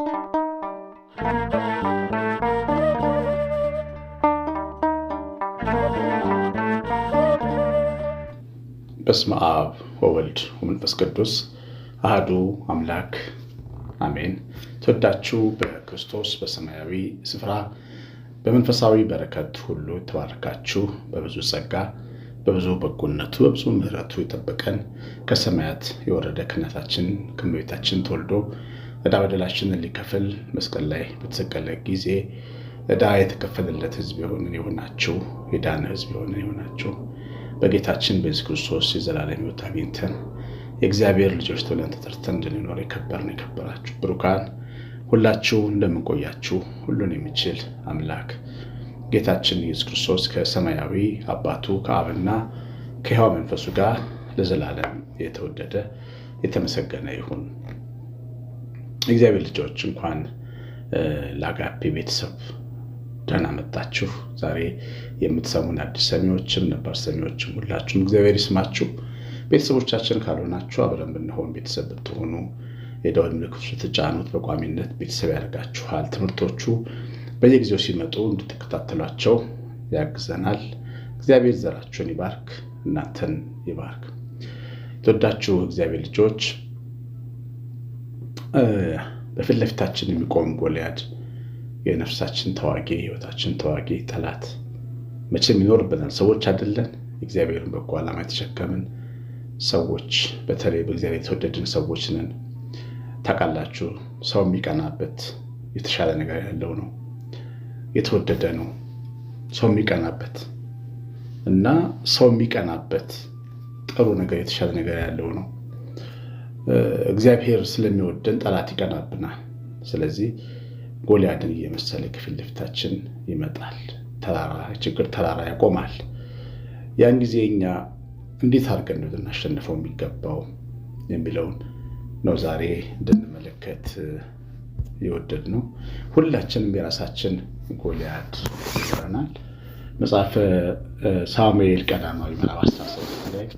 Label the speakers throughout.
Speaker 1: በስመ አብ ወወልድ ወመንፈስ ቅዱስ አህዱ አምላክ አሜን። ተወዳችሁ በክርስቶስ በሰማያዊ ስፍራ በመንፈሳዊ በረከት ሁሉ የተባረካችሁ በብዙ ጸጋ በብዙ በጎነቱ በብዙ ምሕረቱ የጠበቀን ከሰማያት የወረደ ከእናታችን ከእመቤታችን ተወልዶ ዕዳ በደላችንን ሊከፍል መስቀል ላይ በተሰቀለ ጊዜ ዕዳ የተከፈለለት ሕዝብ የሆንን የሆናችሁ የዳነ ሕዝብ የሆንን የሆናችሁ በጌታችን በኢየሱስ ክርስቶስ የዘላለም ሕይወት አግኝተን የእግዚአብሔር ልጆች ተብለን ተጠርተን እንድንኖር የከበርን የከበራችሁ ብሩካን ሁላችሁ እንደምንቆያችሁ ሁሉን የሚችል አምላክ ጌታችን ኢየሱስ ክርስቶስ ከሰማያዊ አባቱ ከአብና ከሕያው መንፈሱ ጋር ለዘላለም የተወደደ የተመሰገነ ይሁን። የእግዚአብሔር ልጆች እንኳን ለአጋፒ ቤተሰብ ደህና መጣችሁ። ዛሬ የምትሰሙን አዲስ ሰሚዎችም ነባር ሰሚዎችም ሁላችሁም እግዚአብሔር ይስማችሁ። ቤተሰቦቻችን ካልሆናችሁ አብረን ብንሆን ቤተሰብ ብትሆኑ የደወል ምልክቱ ስትጫኑት በቋሚነት ቤተሰብ ያደርጋችኋል። ትምህርቶቹ በየጊዜው ሲመጡ እንድትከታተሏቸው ያግዘናል። እግዚአብሔር ዘራችሁን ይባርክ፣ እናንተን ይባርክ። የተወዳችሁ እግዚአብሔር ልጆች በፊት ለፊታችን የሚቆም ጎልያድ፣ የነፍሳችን ተዋጊ፣ የህይወታችን ተዋጊ ጠላት መቼም ይኖርብናል። ሰዎች አይደለን እግዚአብሔርን በጎ ዓላማ የተሸከምን ሰዎች፣ በተለይ በእግዚአብሔር የተወደድን ሰዎች ነን። ታውቃላችሁ፣ ሰው የሚቀናበት የተሻለ ነገር ያለው ነው፣ የተወደደ ነው። ሰው የሚቀናበት እና ሰው የሚቀናበት ጥሩ ነገር የተሻለ ነገር ያለው ነው። እግዚአብሔር ስለሚወደን ጠላት ይቀናብናል። ስለዚህ ጎልያድን እየመሰለ ከፊት ለፊታችን ይመጣል። ችግር ተራራ ያቆማል። ያን ጊዜ እኛ እንዴት አድርገን ልናሸንፈው የሚገባው የሚለውን ነው ዛሬ እንድንመለከት የወደድ ነው። ሁላችንም የራሳችን ጎልያድ ይኖረናል። መጽሐፈ ሳሙኤል ቀዳማዊ ምዕራፍ 17 ላይ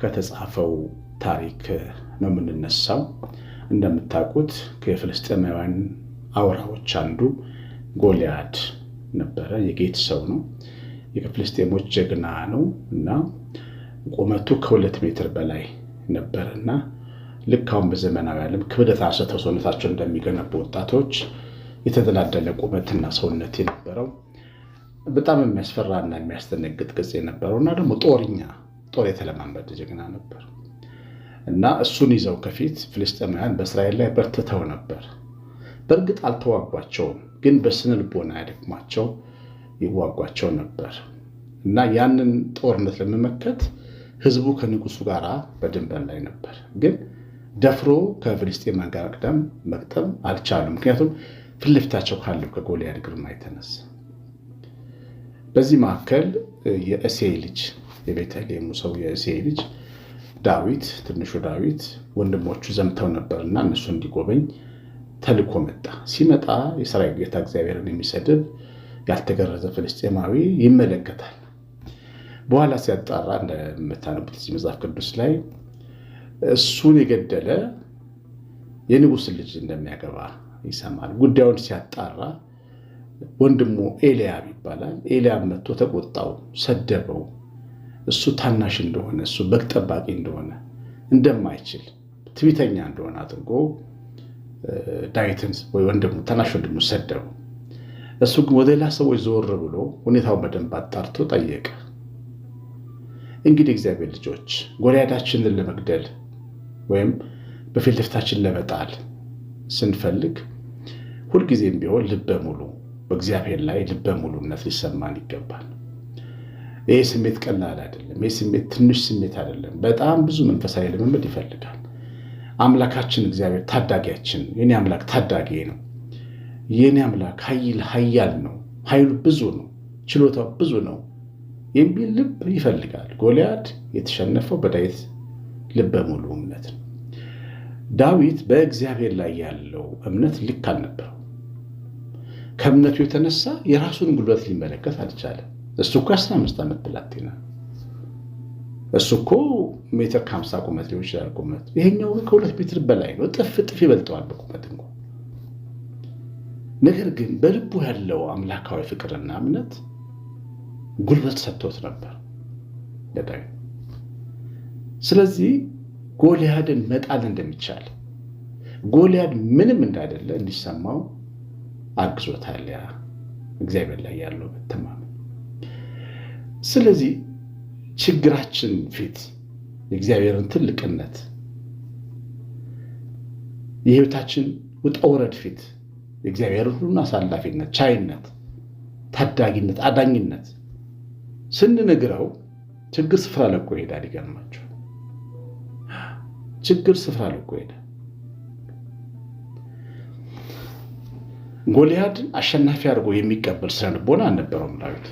Speaker 1: ከተጻፈው ታሪክ ነው የምንነሳው። እንደምታውቁት ከፍልስጤማውያን አውራዎች አንዱ ጎልያድ ነበረ። የጌት ሰው ነው። የፍልስጤሞች ጀግና ነው እና ቁመቱ ከሁለት ሜትር በላይ ነበር እና ልክ አሁን በዘመናዊ ዓለም ክብደት አንስተው ሰውነታቸው እንደሚገነቡ ወጣቶች የተደላደለ ቁመትና ሰውነት የነበረው በጣም የሚያስፈራና የሚያስደነግጥ ቅጽ የነበረው እና ደግሞ ጦርኛ ጦር የተለማመደ ጀግና ነበር። እና እሱን ይዘው ከፊት ፍልስጤማውያን በእስራኤል ላይ በርትተው ነበር። በእርግጥ አልተዋጓቸውም፣ ግን በስነ ልቦና ያደክሟቸው ይዋጓቸው ነበር እና ያንን ጦርነት ለመመከት ህዝቡ ከንጉሱ ጋር በድንበር ላይ ነበር። ግን ደፍሮ ከፍልስጤማውያን ጋር ቅደም መቅጠም አልቻሉም። ምክንያቱም ፊት ለፊታቸው ካለው ከጎልያድ ግርማ የተነሳ በዚህ መካከል የእሴይ ልጅ የቤተልሔሙ ሰው የእሴይ ልጅ ዳዊት ትንሹ ዳዊት ወንድሞቹ ዘምተው ነበርና እነሱ እንዲጎበኝ ተልኮ መጣ። ሲመጣ የሰራዊት ጌታ እግዚአብሔርን የሚሰድብ ያልተገረዘ ፍልስጤማዊ ይመለከታል። በኋላ ሲያጣራ እንደምታነቡት እዚህ መጽሐፍ ቅዱስ ላይ እሱን የገደለ የንጉስ ልጅ እንደሚያገባ ይሰማል። ጉዳዩን ሲያጣራ ወንድሙ ኤልያብ ይባላል። ኤልያብ መጥቶ ተቆጣው፣ ሰደበው። እሱ ታናሽ እንደሆነ እሱ በግ ጠባቂ እንደሆነ እንደማይችል ትቢተኛ እንደሆነ አድርጎ ዳዊትን ወይ ወንድሙ ታናሽ ወንድሙ ሰደቡ። እሱ ግን ወደ ሌላ ሰዎች ዞር ብሎ ሁኔታውን በደንብ አጣርቶ ጠየቀ። እንግዲህ እግዚአብሔር ልጆች ጎልያዳችንን ለመግደል ወይም በፊት ለፊታችን ለመጣል ስንፈልግ ሁልጊዜም ቢሆን ልበ ሙሉ በእግዚአብሔር ላይ ልበ ሙሉነት ሊሰማን ይገባል። ይህ ስሜት ቀላል አይደለም። ይህ ስሜት ትንሽ ስሜት አይደለም። በጣም ብዙ መንፈሳዊ ልምምድ ይፈልጋል። አምላካችን እግዚአብሔር ታዳጊያችን፣ የኔ አምላክ ታዳጊ ነው። የኔ አምላክ ኃይል ኃያል ነው። ኃይሉ ብዙ ነው። ችሎታው ብዙ ነው የሚል ልብ ይፈልጋል። ጎልያድ የተሸነፈው በዳዊት ልበ ሙሉ እምነት ነው። ዳዊት በእግዚአብሔር ላይ ያለው እምነት ልክ አልነበረው። ከእምነቱ የተነሳ የራሱን ጉልበት ሊመለከት አልቻለም። እሱ እኮ አስራ አምስት ዓመት ብላቴና እሱ እኮ ሜትር ከሀምሳ ቁመት ሊሆን ይችላል ቁመት። ይሄኛው ከሁለት ሜትር በላይ ነው። ጥፍ ጥፍ ይበልጠዋል በቁመት እንኳ። ነገር ግን በልቡ ያለው አምላካዊ ፍቅርና እምነት ጉልበት ሰጥቶት ነበር ለዳዊ ስለዚህ ጎልያድን መጣል እንደሚቻል ጎልያድ ምንም እንዳደለ እንዲሰማው አግዞታል። ያ እግዚአብሔር ላይ ያለው መተማመን ስለዚህ ችግራችን ፊት የእግዚአብሔርን ትልቅነት የህይወታችን ውጠውረድ ፊት የእግዚአብሔር ሁሉን አሳላፊነት፣ ቻይነት፣ ታዳጊነት፣ አዳኝነት ስንነግረው ችግር ስፍራ ለቆ ይሄዳል። ይገርማቸው ችግር ስፍራ ለቆ ይሄዳል። ጎልያድን አሸናፊ አድርጎ የሚቀበል ስነልቦና አልነበረውም ዳዊት።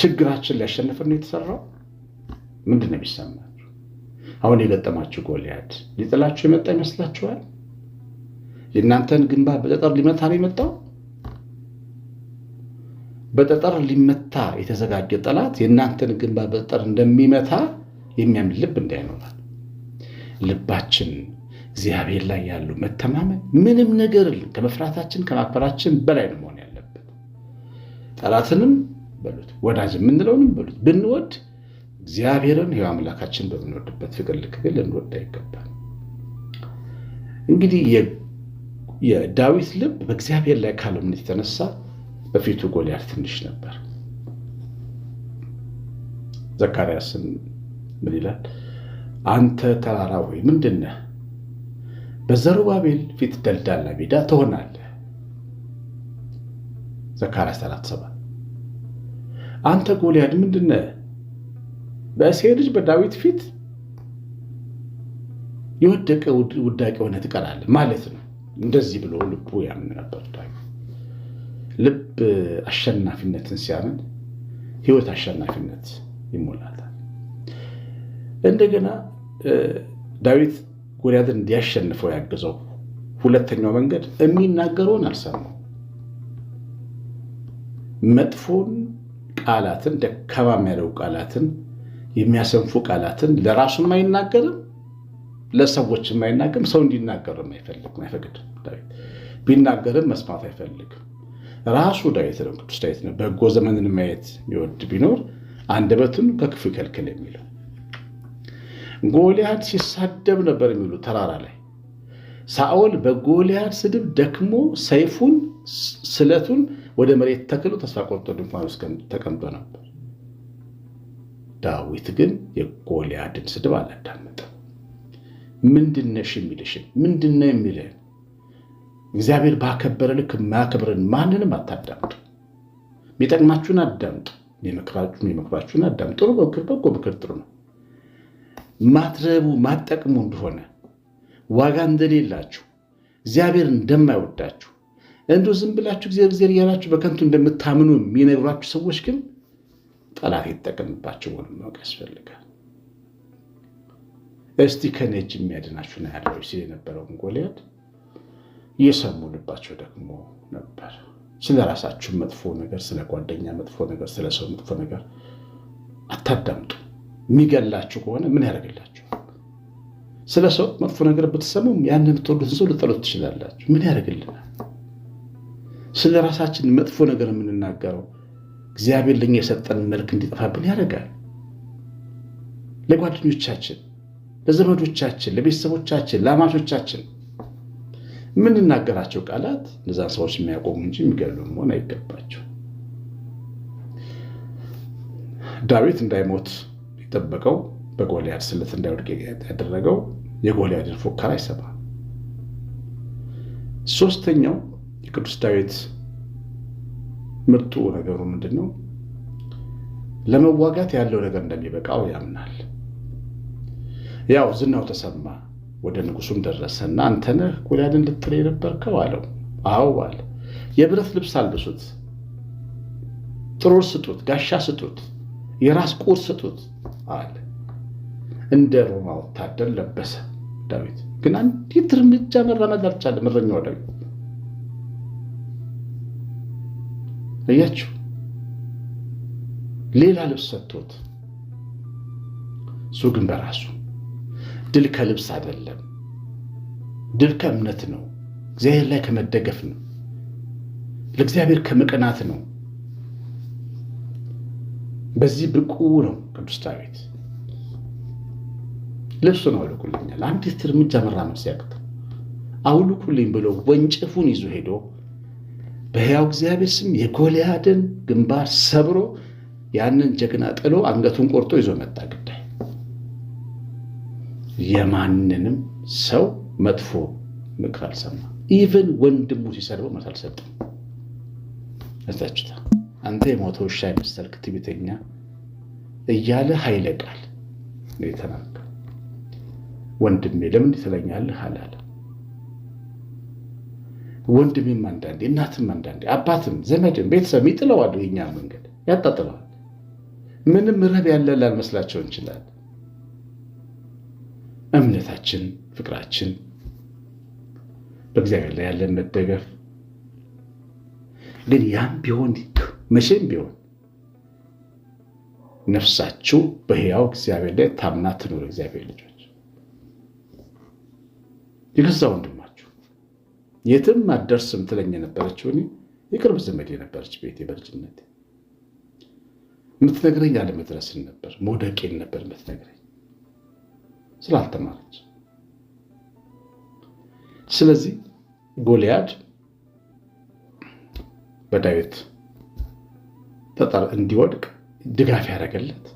Speaker 1: ችግራችን ሊያሸንፍን ነው የተሰራው። ምንድን ነው የሚሰማችሁ? አሁን የገጠማችሁ ጎልያድ ሊጥላችሁ የመጣ ይመስላችኋል? የእናንተን ግንባር በጠጠር ሊመታ ነው የመጣው። በጠጠር ሊመታ የተዘጋጀ ጠላት የእናንተን ግንባር በጠጠር እንደሚመታ የሚያምን ልብ እንዳይኖራል። ልባችን እግዚአብሔር ላይ ያሉ መተማመን ምንም ነገር ከመፍራታችን ከማክበራችን በላይ ነው መሆን ያለበት ጠላትንም በሉት ወዳጅ የምንለውንም በሉት ብንወድ እግዚአብሔርን ይኸው አምላካችን በምንወድበት ፍቅር ልክ ግን ልንወድ አይገባል። እንግዲህ የዳዊት ልብ በእግዚአብሔር ላይ ካለው እምነት የተነሳ በፊቱ ጎልያድ ትንሽ ነበር። ዘካርያስን ምን ይላል? አንተ ተራራ ሆይ ምንድን ነህ? በዘሩባቤል ፊት ደልዳላ ሜዳ ትሆናለህ። ዘካርያስ ተራት ሰባት አንተ ጎልያድ ምንድነ በሴ ልጅ በዳዊት ፊት የወደቀ ውዳቂ ሆነ ትቀራለህ ማለት ነው። እንደዚህ ብሎ ልቡ ያምን ነበር። ልብ አሸናፊነትን ሲያምን ህይወት አሸናፊነት ይሞላታል። እንደገና ዳዊት ጎልያድን እንዲያሸንፈው ያገዘው ሁለተኛው መንገድ የሚናገረውን አልሰማው መጥፎን ቃላትን ደካማ የሚያደርጉ ቃላትን የሚያሰንፉ ቃላትን ለራሱም አይናገርም፣ ለሰዎችም አይናገርም። ሰው እንዲናገርም አይፈልግም፣ አይፈቅድም። ዳዊት ቢናገርም መስማት አይፈልግም። ራሱ ዳዊት ነው፣ ቅዱስ ዳዊት ነው። በጎ ዘመንን ማየት የሚወድ ቢኖር አንደበቱን ከክፉ ይከልክል የሚለው ጎልያድ ሲሳደብ ነበር የሚሉ ተራራ ላይ ሳኦል በጎልያድ ስድብ ደክሞ ሰይፉን ስለቱን ወደ መሬት ተክሎ ተስፋ ቆርጦ ድንኳን ውስጥ ተቀምጦ ነበር። ዳዊት ግን የጎልያድን ስድብ አላዳመጠም። ምንድነሽ የሚልሽን ምንድነው የሚልህን እግዚአብሔር ባከበረ ልክ የማያከብርን ማንንም አታዳምጡ። የሚጠቅማችሁን አዳምጡ፣ የሚመክራችሁን አዳምጡ። ጥሩ ምክር፣ በጎ ምክር ጥሩ ነው። ማትረቡ ማጠቅሙ እንደሆነ ዋጋ እንደሌላችሁ እግዚአብሔር እንደማይወዳችሁ እንዶ ዝም ብላችሁ እግዚአብሔር እግዚአብሔር እያላችሁ በከንቱ እንደምታምኑ የሚነግሯችሁ ሰዎች ግን ጠላት የተጠቀምባቸው ሆኖ ማወቅ ያስፈልጋል። እስቲ ከነጅ የሚያድናችሁ ና ያለው ሲል የነበረውን ጎልያድ የሰሙ ልባቸው ደግሞ ነበር። ስለ ራሳችሁ መጥፎ ነገር፣ ስለ ጓደኛ መጥፎ ነገር፣ ስለ ሰው መጥፎ ነገር አታዳምጡ። የሚገላችሁ ከሆነ ምን ያደርግላችሁ? ስለ ሰው መጥፎ ነገር ብትሰሙም ያን የምትወዱትን ሰው ልጠሉት ትችላላችሁ። ምን ያደርግልናል? ስለ ራሳችን መጥፎ ነገር የምንናገረው እግዚአብሔር ለኛ የሰጠን መልክ እንዲጠፋብን ያደርጋል። ለጓደኞቻችን፣ ለዘመዶቻችን፣ ለቤተሰቦቻችን፣ ለአማቾቻችን የምንናገራቸው ቃላት እዛ ሰዎች የሚያቆሙ እንጂ የሚገሉ መሆን አይገባቸው። ዳዊት እንዳይሞት የጠበቀው በጎልያድ ስለት እንዳይወድቅ ያደረገው የጎልያድን ፉከራ አይሰማም። ሶስተኛው ቅዱስ ዳዊት ምርጡ ነገሩ ምንድን ነው? ለመዋጋት ያለው ነገር እንደሚበቃው ያምናል። ያው ዝናው ተሰማ፣ ወደ ንጉሱም ደረሰ እና አንተ ጎልያድን የነበርከው አለው። አዎ አለ። የብረት ልብስ አልብሱት፣ ጥሩር ስጡት፣ ጋሻ ስጡት፣ የራስ ቁር ስጡት አለ። እንደ ሮማ ወታደር ለበሰ ዳዊት። ግን አንዲት እርምጃ መራመድ አልቻለም እረኛው ዳዊት እያችሁ ሌላ ልብስ ሰጥቶት እሱ ግን በራሱ ድል ከልብስ አይደለም። ድል ከእምነት ነው። እግዚአብሔር ላይ ከመደገፍ ነው። ለእግዚአብሔር ከመቅናት ነው። በዚህ ብቁ ነው ቅዱስ ዳዊት። ነው አውልቁልኛል፣ አንዲት እርምጃ መራመድ ሲያቅተው አውልቁልኝ ብሎ ወንጭፉን ይዞ ሄዶ በሕያው እግዚአብሔር ስም የጎልያድን ግንባር ሰብሮ ያንን ጀግና ጥሎ አንገቱን ቆርጦ ይዞ መጣ። ግዳይ የማንንም ሰው መጥፎ ምክር አልሰማ። ኢቨን ወንድሙ ሲሰርበው መልስ አልሰጥም። እዛችታ አንተ የሞተ ውሻ የመሰልክ ትዕቢተኛ እያለ ኃይለ ቃል የተናገረ ወንድሜ ለምን ትለኛለህ አላለ። ወንድምም አንዳንዴ እናትም አንዳንዴ አባትም ዘመድም ቤተሰብ ይጥለዋል። የኛ መንገድ ያጣጥለዋል። ምንም ረብ ያለ ላልመስላቸው እንችላል። እምነታችን፣ ፍቅራችን፣ በእግዚአብሔር ላይ ያለን መደገፍ ግን ያም ቢሆን መቼም ቢሆን ነፍሳችሁ በሕያው እግዚአብሔር ላይ ታምና ትኑር። እግዚአብሔር ልጆች የገዛ ወንድም የትም አደርስም ትለኝ የነበረችው እኔ የቅርብ ዘመድ የነበረች ቤቴ በልጅነት የምትነግረኝ አለመድረስን ነበር፣ መውደቄን ነበር የምትነግረኝ ስላልተማረች። ስለዚህ ጎልያድ በዳዊት ተጠር እንዲወድቅ ድጋፍ ያደረገለት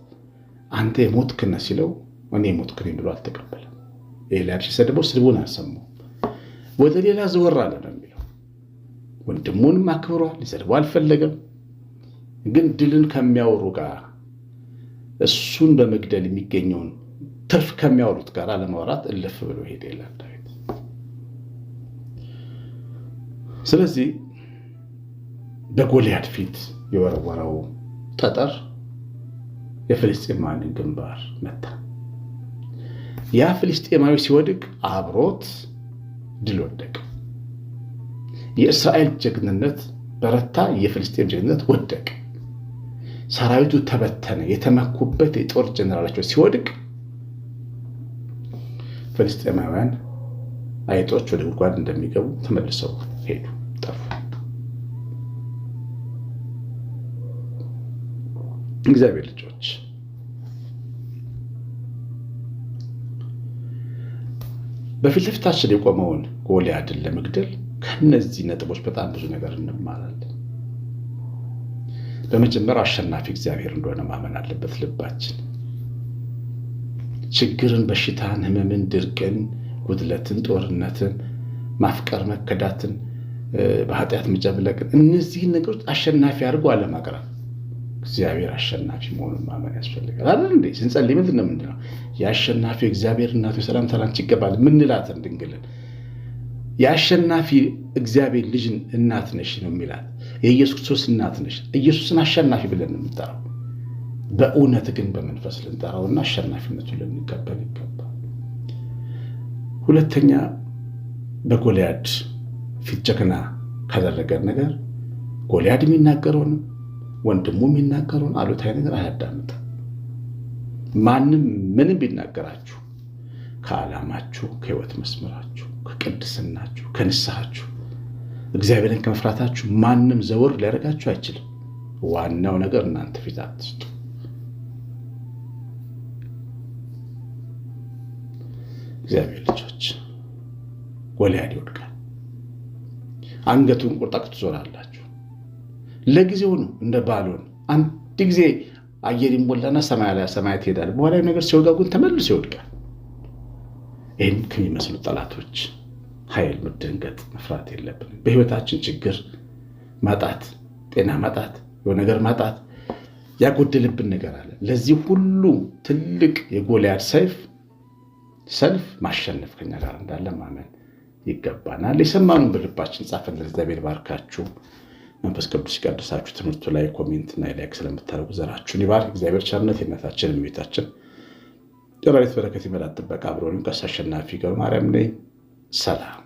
Speaker 1: አንተ የሞትክነ ሲለው እኔ የሞትክን ብሎ አልተቀበለም። ኤልያብ ሲሰድበው ስድቡን አልሰማው ወደ ሌላ ዘወር አለ ነው የሚለው። ወንድሙንም አክብሯል፣ ሊሰድበው አልፈለገም። ግን ድልን ከሚያወሩ ጋር እሱን በመግደል የሚገኘውን ትርፍ ከሚያወሩት ጋር ለማውራት እልፍ ብሎ ሄደ ይላል ዳዊት። ስለዚህ በጎልያድ ፊት የወረወረው ጠጠር የፍልስጤማንን ግንባር መታ። ያ ፍልስጤማዊ ሲወድቅ አብሮት ድል ወደቀ። የእስራኤል ጀግንነት በረታ፣ የፍልስጤም ጀግንነት ወደቀ። ሰራዊቱ ተበተነ። የተመኩበት የጦር ጀነራላቸው ሲወድቅ ፍልስጤማውያን አይጦች ወደ ጉድጓድ እንደሚገቡ ተመልሰው ሄዱ፣ ጠፉ። እግዚአብሔር ልጆች በፊት ለፊታችን የቆመውን ጎልያድን ለመግደል ከነዚህ ነጥቦች በጣም ብዙ ነገር እንማራለን። በመጀመሪያ አሸናፊ እግዚአብሔር እንደሆነ ማመን አለበት ልባችን። ችግርን፣ በሽታን፣ ህመምን ድርቅን፣ ጉድለትን፣ ጦርነትን፣ ማፍቀር፣ መከዳትን፣ በኃጢአት መጨብለቅን እነዚህን ነገሮች አሸናፊ አድርጎ አለማቅረብ እግዚአብሔር አሸናፊ መሆኑን ማመን ያስፈልጋል። አይደል እንዴ? ስንጸልይ ምንድን ነው ምንድነው የአሸናፊ እግዚአብሔር እናቱ የሰላምታ ላንቺ ይገባል ምንላትን ድንግልን የአሸናፊ እግዚአብሔር ልጅን እናት ነሽ ነው የሚላት። የኢየሱስ ክርስቶስ እናት ነሽ። ኢየሱስን አሸናፊ ብለን የምንጠራው በእውነት ግን በመንፈስ ልንጠራውና አሸናፊነቱን ልንቀበል ይገባል። ሁለተኛ በጎልያድ ፊት ጀግና ካደረገን ነገር ጎልያድ የሚናገረውንም ወንድሙ የሚናገረውን አሉታዊ ነገር አያዳምጥም። ማንም ምንም ቢናገራችሁ ከዓላማችሁ፣ ከህይወት መስመራችሁ፣ ከቅድስናችሁ፣ ከንስሐችሁ እግዚአብሔርን ከመፍራታችሁ ማንም ዘወር ሊያደርጋችሁ አይችልም። ዋናው ነገር እናንተ ፊት አትስጡ። እግዚአብሔር ልጆች፣ ጎልያድ ይወድቃል። አንገቱን ቁርጣ ትዞራላችሁ። ለጊዜው ነው እንደ ባሎን አንድ ጊዜ አየር ይሞላና ሰማያ ላይ ሰማያት ይሄዳል። በኋላዊ ነገር ሲወጋ ግን ተመልሶ ይወድቃል። ይህም ከሚመስሉ ጠላቶች ኃይል መደንገጥ መፍራት የለብን። በህይወታችን ችግር ማጣት፣ ጤና ማጣት፣ የሆነ ነገር ማጣት ያጎደልብን ነገር አለ። ለዚህ ሁሉ ትልቅ የጎልያድ ሰይፍ ሰልፍ ማሸነፍ ከኛ ጋር እንዳለ ማመን ይገባናል። የሰማኑን በልባችን ጻፈን። ለእግዚአብሔር ባርካችሁ መንፈስ ቅዱስ ሲቀድሳችሁ ትምህርቱ ላይ ኮሜንትና ላይክ ስለምታደርጉ ዘራችሁን ይባል እግዚአብሔር። ቸርነት የእናታችን የሚቤታችን የራዊት በረከት ይመላት ጥበቃ አብሮንም ቀሲስ አሸናፊ ገብረ ማርያም ነኝ። ሰላም